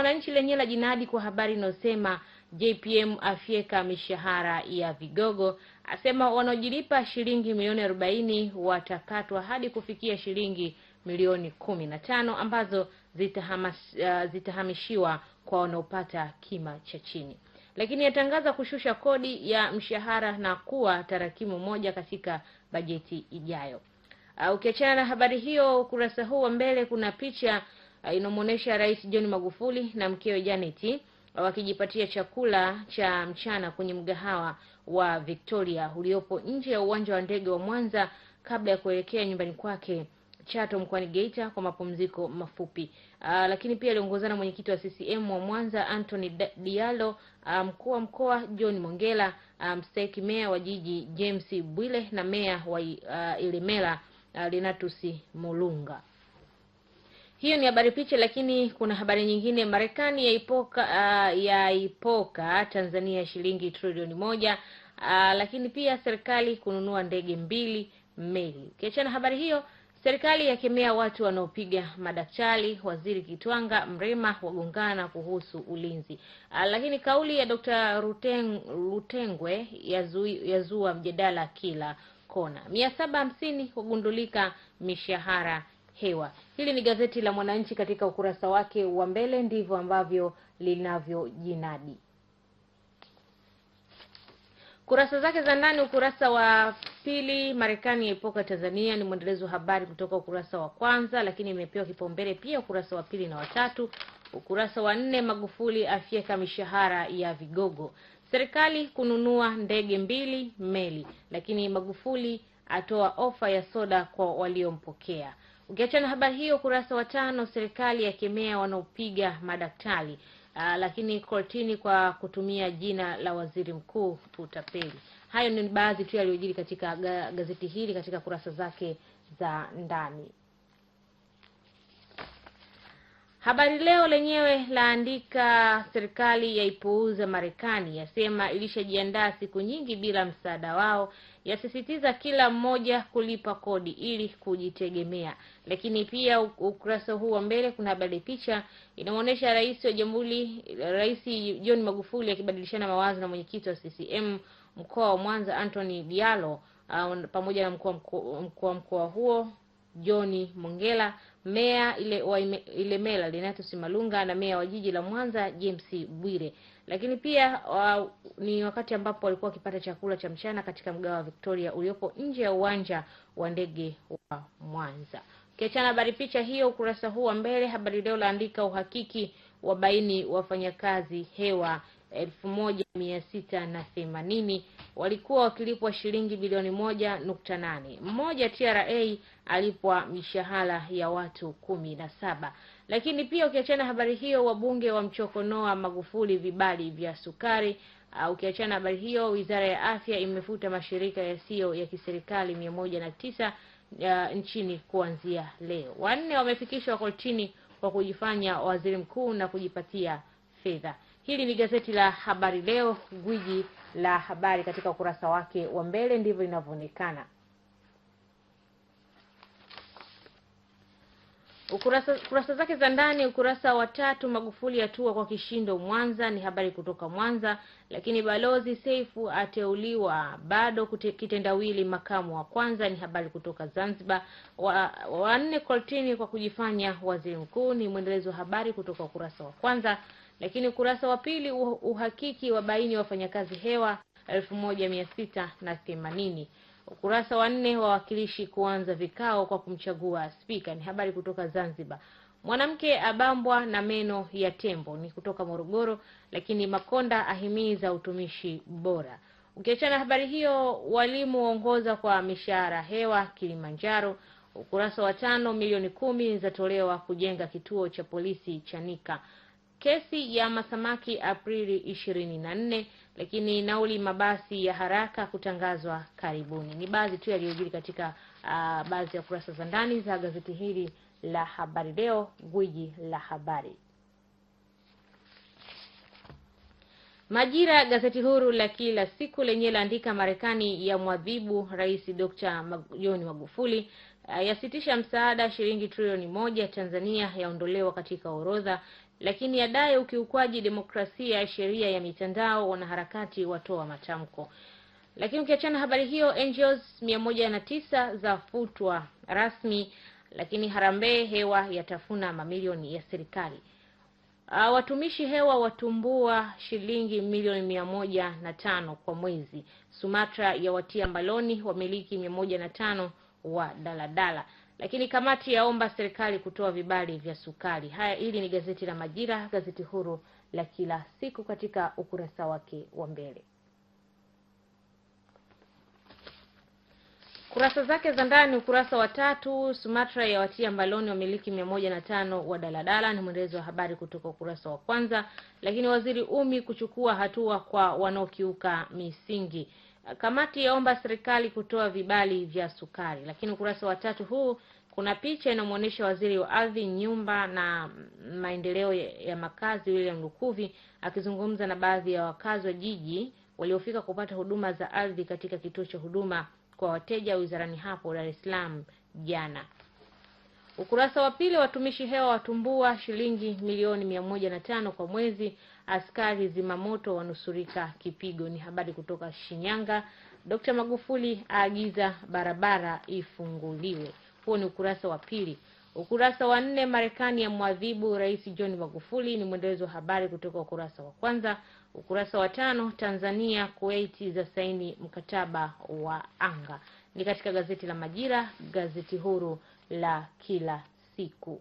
Mwananchi lenyewe la jinadi kwa habari inayosema JPM afyeka mishahara ya vigogo, asema wanaojilipa shilingi milioni arobaini watakatwa hadi kufikia shilingi milioni kumi na tano ambazo zitahamas, uh, zitahamishiwa kwa wanaopata kima cha chini. Lakini yatangaza kushusha kodi ya mshahara na kuwa tarakimu moja katika bajeti ijayo. Uh, ukiachana na habari hiyo, ukurasa huu wa mbele kuna picha Uh, inamwonyesha Rais John Magufuli na mkewe Janet uh, wakijipatia chakula cha mchana kwenye mgahawa wa Victoria uliopo nje ya uwanja wa ndege wa Mwanza kabla ya kuelekea nyumbani kwake Chato mkoani Geita kwa mapumziko mafupi. Aa, uh, lakini pia aliongozana mwenyekiti wa CCM wa Mwanza Anthony Diallo, mkuu wa mkoa John Mongela, mstaiki meya wa jiji James Bwile na meya wa Ilemela Lenatus Mulunga. Hiyo ni habari picha, lakini kuna habari nyingine. Marekani yaipoka uh, yaipoka Tanzania ya shilingi trilioni moja uh, lakini pia serikali kununua ndege mbili meli. Ukiachana habari hiyo, serikali yakemea watu wanaopiga madaktari. Waziri Kitwanga Mrema wagongana kuhusu ulinzi. Uh, lakini kauli ya Dr. Ruteng, Rutengwe yazua yazua mjadala kila kona. mia saba hamsini hugundulika mishahara hewa. Hili ni gazeti la Mwananchi katika ukurasa wake wa mbele, ndivyo ambavyo linavyojinadi kurasa zake za ndani. Ukurasa wa pili, Marekani yaipoka Tanzania, ni mwendelezo wa habari kutoka ukurasa wa kwanza, lakini imepewa kipaumbele pia ukurasa wa pili na watatu. Ukurasa wa nne, Magufuli afyeka mishahara ya vigogo, serikali kununua ndege mbili, meli, lakini Magufuli atoa ofa ya soda kwa waliompokea. Ukiachana habari hiyo, ukurasa wa tano, serikali ya kemea wanaopiga madaktari Aa, ah, lakini kortini kwa kutumia jina la waziri mkuu Tutapeli. Hayo ni baadhi tu yaliyojiri katika gazeti hili katika kurasa zake za ndani. Habari Leo lenyewe laandika serikali yaipuuza Marekani, yasema ilishajiandaa siku nyingi bila msaada wao, yasisitiza kila mmoja kulipa kodi ili kujitegemea. Lakini pia ukurasa huu wa mbele kuna habari, picha inamwonyesha rais wa jamhuri, Rais John Magufuli akibadilishana mawazo na mwenyekiti wa CCM mkoa wa Mwanza Anthony Diallo, uh, pamoja na mkuu wa mkoa huo John Mongela Meya ile wa Ilemela Lenatus Malunga na meya wa jiji la Mwanza James Bwire. Lakini pia wa, ni wakati ambapo walikuwa wakipata chakula cha mchana katika mgao wa Victoria uliopo nje ya uwanja wa ndege wa Mwanza. Ukiachana habari picha hiyo, ukurasa huu wa mbele Habari Leo laandika uhakiki wa baini wafanyakazi hewa elfu moja mia sita na themanini walikuwa wakilipwa shilingi bilioni moja nukta nane. Mmoja TRA alipwa mishahara ya watu kumi na saba. Lakini pia ukiachana habari hiyo, wabunge wa mchokonoa Magufuli vibali vya sukari. Uh, ukiachana habari hiyo, wizara ya afya imefuta mashirika yasiyo ya, ya kiserikali mia moja na tisa uh, nchini kuanzia leo. Wanne wamefikishwa kortini kwa kujifanya waziri mkuu na kujipatia fedha. Hili ni gazeti la Habari Leo, gwiji la habari katika ukurasa wake wa mbele, ndivyo inavyoonekana. Ukurasa, kurasa zake za ndani. Ukurasa wa tatu, Magufuli atua kwa kishindo Mwanza, ni habari kutoka Mwanza. Lakini balozi Seifu ateuliwa bado kitenda kitendawili makamu wa kwanza, ni habari kutoka Zanzibar. Wanne wa, wa, koltini kwa kujifanya waziri mkuu, ni mwendelezo wa habari kutoka ukurasa wa kwanza lakini ukurasa wa pili uhakiki wa baini wafanyakazi hewa elfu moja mia sita na themanini. Ukurasa wa nne wawakilishi kuanza vikao kwa kumchagua spika. Ni habari kutoka Zanzibar. Mwanamke abambwa na meno ya tembo, ni kutoka Morogoro. Lakini Makonda ahimiza utumishi bora. Ukiachana habari hiyo, walimu waongoza kwa mishahara hewa Kilimanjaro. Ukurasa wa tano, milioni kumi zatolewa kujenga kituo cha polisi Chanika kesi ya masamaki Aprili ishirini na nne, lakini nauli mabasi ya haraka kutangazwa karibuni. Ni baadhi tu yaliyojiri katika uh, baadhi ya kurasa za ndani za gazeti hili la Habari Leo, gwiji la habari. Majira, gazeti huru la kila siku, lenye laandika Marekani ya mwadhibu Rais Dr. John Magufuli, ah, yasitisha msaada shilingi trilioni moja Tanzania yaondolewa katika orodha lakini yadai ukiukwaji demokrasia ya sheria ya mitandao, wanaharakati watoa matamko. Lakini ukiachana habari hiyo, NGOs mia moja na tisa za futwa rasmi, lakini harambee hewa yatafuna mamilioni ya serikali. Uh, watumishi hewa watumbua shilingi milioni mia moja na tano kwa mwezi. Sumatra yawatia mbaloni wamiliki mia moja na tano wa daladala. Lakini kamati yaomba serikali kutoa vibali vya sukari. Haya, hili ni gazeti la Majira, gazeti huru la kila siku, katika ukurasa wake wa mbele. Kurasa zake za ndani, ukurasa wa tatu. Sumatra ya watia mbaloni wamiliki mia moja na tano wa daladala, ni mwendelezo wa habari kutoka ukurasa wa kwanza. Lakini waziri Umi kuchukua hatua kwa wanaokiuka misingi Kamati yaomba serikali kutoa vibali vya sukari. Lakini ukurasa wa tatu huu kuna picha inayomwonyesha waziri wa ardhi, nyumba na maendeleo ya makazi William Lukuvi akizungumza na baadhi ya wakazi wa jiji waliofika kupata huduma za ardhi katika kituo cha huduma kwa wateja wizarani hapo Dar es Salaam jana. Ukurasa wa pili, watumishi hewa watumbua shilingi milioni mia moja na tano kwa mwezi, askari zimamoto wanusurika kipigo. Ni habari kutoka Shinyanga. Dkt. Magufuli aagiza barabara ifunguliwe. Huo ni ukurasa wa pili. Ukurasa wa nne, Marekani ya mwadhibu Rais John Magufuli, ni mwendelezo wa habari kutoka ukurasa wa kwanza. Ukurasa wa tano, Tanzania Kuwait za saini mkataba wa anga, ni katika gazeti la Majira, gazeti huru la kila siku.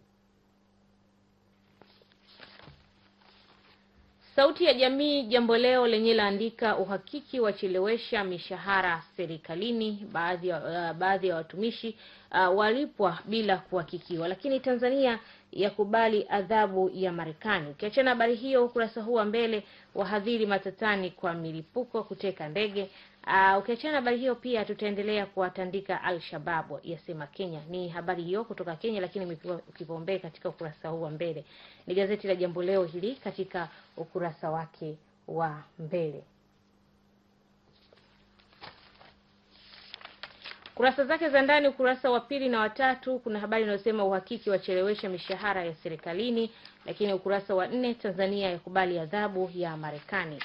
Sauti ya Jamii Jambo Leo lenye laandika uhakiki wachelewesha mishahara serikalini, baadhi ya uh, baadhi ya watumishi uh, walipwa bila kuhakikiwa. Lakini Tanzania yakubali adhabu ya Marekani. Ukiachana habari hiyo, ukurasa huu wa mbele, wahadhiri matatani kwa milipuko kuteka ndege. Uh, ah, ukiachana habari hiyo pia tutaendelea kuwatandika Al-Shababu, yasema Kenya. Ni habari hiyo kutoka Kenya, lakini imepewa kipaumbele katika ukurasa huu wa mbele. Ni gazeti la Jambo Leo hili katika ukurasa wake wa mbele. kurasa zake za ndani, ukurasa wa pili na watatu, kuna habari inayosema uhakiki wachelewesha mishahara ya serikalini, lakini ukurasa wa nne, Tanzania yakubali adhabu ya Marekani.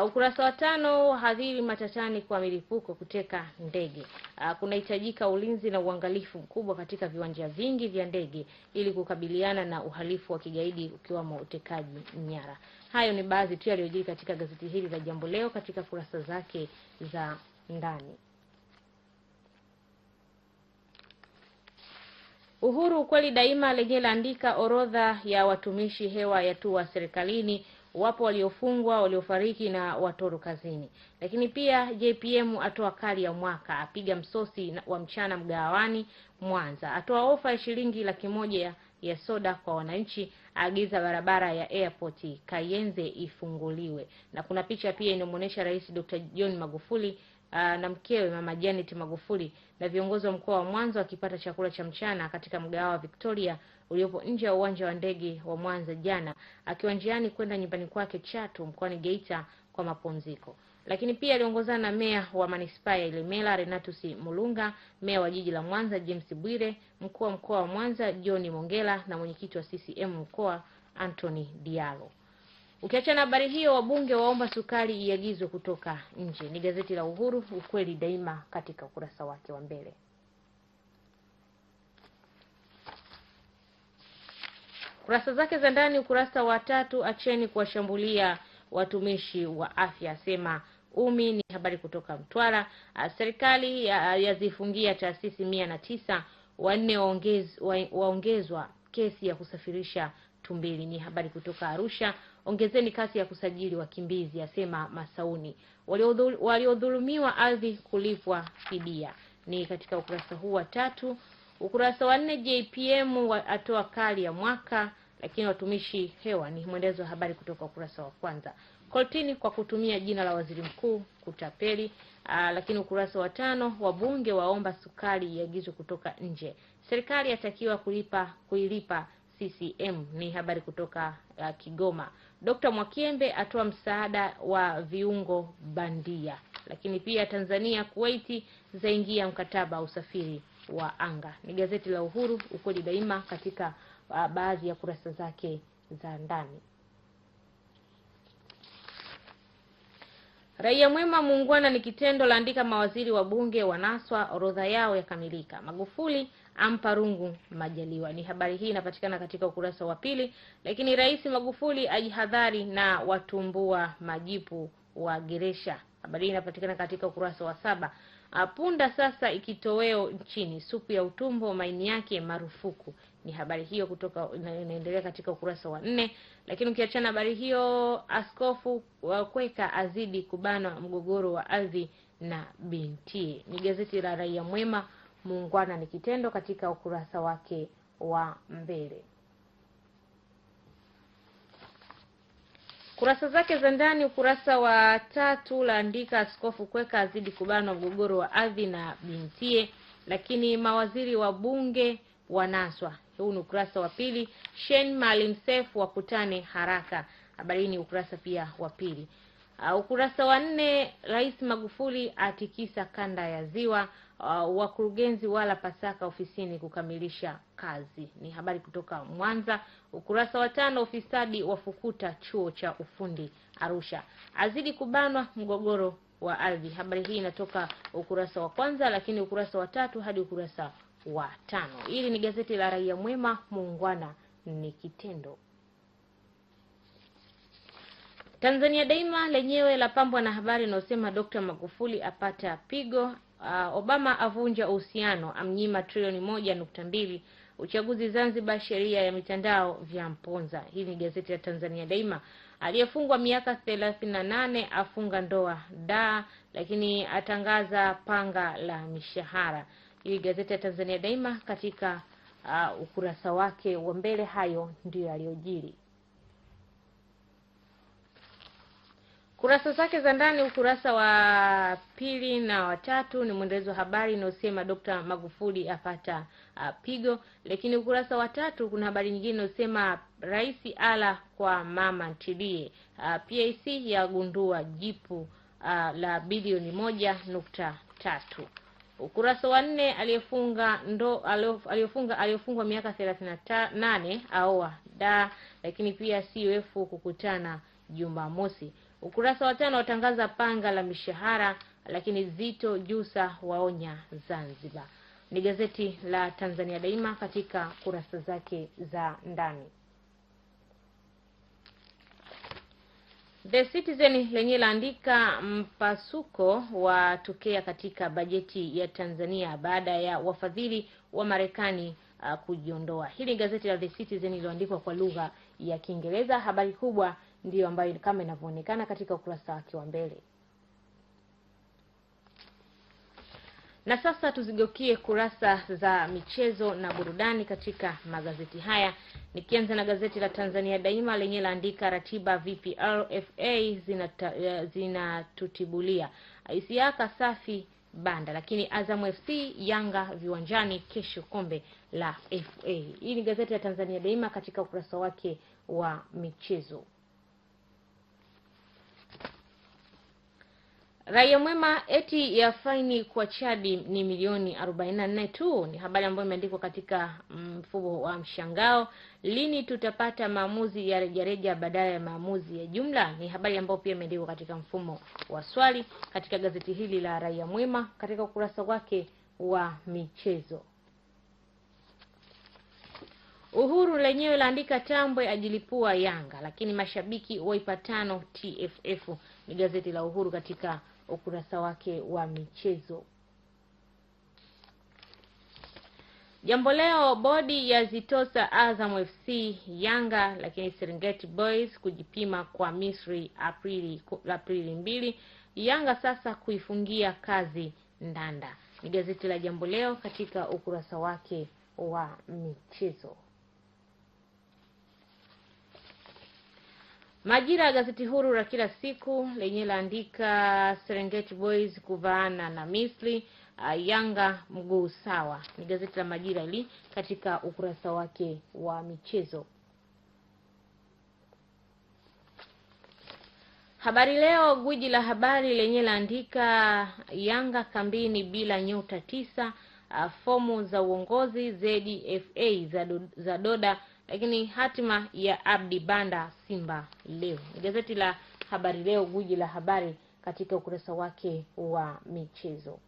Uh, ukurasa wa tano, wahadhiri matatani kwa milipuko kuteka ndege. Uh, kunahitajika ulinzi na uangalifu mkubwa katika viwanja vingi vya ndege ili kukabiliana na uhalifu wa kigaidi ukiwamo utekaji nyara. Hayo ni baadhi tu yaliyojiri katika gazeti hili la Jambo Leo katika kurasa zake za ndani. Uhuru Ukweli Daima lenyewe laandika orodha ya watumishi hewa ya yatua serikalini, wapo waliofungwa, waliofariki na watoro kazini. Lakini pia JPM atoa kali ya mwaka, apiga msosi wa mchana mgawani Mwanza, atoa ofa ya shilingi laki moja ya soda kwa wananchi, aagiza barabara ya airport Kayenze ifunguliwe. Na kuna picha pia inamwonyesha Rais Dr. John Magufuli Ah, na mkewe Mama Janet Magufuli na viongozi wa mkoa wa Mwanza wakipata chakula cha mchana katika mgahawa wa Victoria uliopo nje ya uwanja wa ndege wa Mwanza jana, akiwa njiani kwenda nyumbani kwake Chatu mkoani Geita kwa mapumziko. Lakini pia aliongozana na meya wa manispaa ya Ilemela Renatus Mulunga, meya wa jiji la Mwanza James Bwire, mkuu wa mkoa wa Mwanza John Mongela na mwenyekiti wa CCM mkoa Anthony Diallo. Ukiachana habari hiyo, wabunge waomba sukari iagizwe kutoka nje. Ni gazeti la Uhuru, ukweli daima, katika ukurasa wake wa mbele. Kurasa zake za ndani, ukurasa wa tatu, acheni kuwashambulia watumishi wa afya, asema Umi. Ni habari kutoka Mtwara. Ah, serikali yazifungia ya taasisi mia na tisa, wanne waongezwa wa, kesi ya kusafirisha tumbili. Ni habari kutoka Arusha. Ongezeni kasi ya kusajili wakimbizi, asema Masauni. Waliodhulumiwa ardhi kulipwa fidia, ni katika ukurasa huu wa tatu. Ukurasa wa nne, JPM atoa kali ya mwaka, lakini watumishi hewa ni mwendelezo wa habari kutoka ukurasa wa kwanza. Koltini kwa kutumia jina la waziri mkuu kutapeli. Aa, ah, lakini ukurasa wa tano, wabunge waomba sukari iagizwe kutoka nje, serikali yatakiwa kulipa kuilipa CCM ni habari kutoka uh, Kigoma. Dkt. Mwakyembe atoa msaada wa viungo bandia. Lakini pia Tanzania, Kuwaiti zaingia mkataba wa usafiri wa anga. Ni gazeti la Uhuru, ukweli daima, katika uh, baadhi ya kurasa zake za ndani. Raia Mwema, muungwana ni kitendo, laandika mawaziri wa bunge wanaswa, orodha yao yakamilika. Magufuli Amparungu Majaliwa. Ni habari hii inapatikana katika ukurasa wa pili. Lakini Rais Magufuli ajihadhari na watumbua majipu wa Geresha. Habari hii inapatikana katika ukurasa wa saba. Punda sasa ikitoweo nchini, supu ya utumbo maini yake marufuku. Ni habari hiyo kutoka inaendelea katika ukurasa wa nne. Lakini ukiachana habari hiyo, Askofu Kweka azidi kubana mgogoro wa ardhi na binti. Ni gazeti la Raia Mwema muungwana ni kitendo katika ukurasa wake wa mbele. Kurasa zake za ndani, ukurasa wa tatu laandika Askofu Kweka azidi kubanwa mgogoro wa ardhi na bintie, lakini mawaziri wa bunge wanaswa. Huu ni ukurasa wa pili. shen malimsef wakutane haraka, habari ni ukurasa pia wa pili. Uh, ukurasa wa nne, Rais Magufuli atikisa kanda ya Ziwa uh, wakurugenzi wala pasaka ofisini kukamilisha kazi. Ni habari kutoka Mwanza, ukurasa wa tano. Ufisadi wafukuta chuo cha ufundi Arusha, azidi kubanwa mgogoro wa ardhi. Habari hii inatoka ukurasa wa kwanza, lakini ukurasa wa tatu hadi ukurasa wa tano. Hili ni gazeti la Raia Mwema, muungwana ni kitendo. Tanzania Daima lenyewe pambwa na habari inayosema Dr. Magufuli apata pigo, uh, Obama avunja uhusiano, amnyima trilioni moja nukta mbili. Uchaguzi Zanzibar, sheria ya mitandao vya mponza Hii ni gazeti la Tanzania Daima. Aliyefungwa miaka thelathini na nane afunga ndoa da, lakini atangaza panga la mishahara. Hii gazeti ya Tanzania Daima katika uh, ukurasa wake wa mbele. Hayo ndiyo yaliyojiri. Kurasa zake za ndani, ukurasa wa pili na watatu ni mwendelezo wa habari inayosema Dkt. Magufuli apata uh, pigo, lakini ukurasa wa tatu kuna habari nyingine inayosema rais ala kwa mama ntilie, uh, PAC yagundua jipu uh, la bilioni moja nukta tatu. Ukurasa wa nne aliyefunga ndo aliyofunga aliyofungwa miaka thelathini na nane aoa da, lakini pia CUF kukutana Jumamosi. Ukurasa wa tano watangaza panga la mishahara, lakini Zito Jusa waonya Zanzibar. Ni gazeti la Tanzania Daima katika kurasa zake za ndani. The Citizen lenye laandika mpasuko wa tokea katika bajeti ya Tanzania baada ya wafadhili wa Marekani uh, kujiondoa. Hili ni gazeti la The Citizen liloandikwa kwa lugha ya Kiingereza. Habari kubwa ndiyo ambayo kama inavyoonekana katika ukurasa wake wa mbele. Na sasa tuzigeukie kurasa za michezo na burudani katika magazeti haya, nikianza na gazeti la Tanzania Daima lenye laandika ratiba VPL FA eh, zinatutibulia zina isiaka safi banda lakini Azam FC Yanga viwanjani kesho kombe la FA. Hii ni gazeti la Tanzania Daima katika ukurasa wake wa michezo. Raia Mwema eti ya faini kwa Chadi ni milioni 44 tu, ni habari ambayo imeandikwa katika mm, mfumo wa mshangao. Lini tutapata maamuzi ya rejareja badala ya maamuzi ya jumla? Ni habari ambayo pia imeandikwa katika mfumo wa swali katika gazeti hili la Raia Mwema katika ukurasa wake wa michezo. Uhuru lenyewe laandika Tambwe ajilipua Yanga, lakini mashabiki waipatano TFF. Ni gazeti la Uhuru katika ukurasa wake wa michezo. Jambo Leo, bodi ya zitosa Azam FC, Yanga lakini Serengeti Boys kujipima kwa Misri Aprili Aprili mbili. Yanga sasa kuifungia kazi Ndanda. Ni gazeti la Jambo Leo katika ukurasa wake wa michezo. Majira ya gazeti huru la kila siku lenye laandika Serengeti Boys kuvaana na Misri, uh, Yanga mguu sawa. Ni gazeti la Majira li katika ukurasa wake wa michezo. Habari Leo, gwiji la habari lenye laandika Yanga kambini bila nyota tisa, uh, fomu za uongozi ZFA za, do, za doda lakini hatima ya Abdi Banda Simba leo, gazeti la Habari Leo, guji la habari katika ukurasa wake wa michezo.